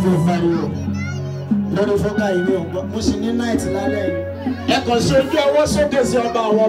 fi fariwo lórí fúnkà yìí mi ò gbọ́ mo sì ní náìtì lálẹ́ yìí. ẹ kàn ṣe ojú ọwọ́ sókè sí ọba àwọn.